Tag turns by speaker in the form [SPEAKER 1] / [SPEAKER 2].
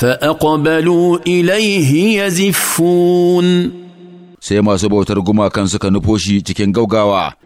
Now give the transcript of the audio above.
[SPEAKER 1] فأقبلوا إليه يزفون sai masu bautar gumakan suka nufo shi cikin gaugawa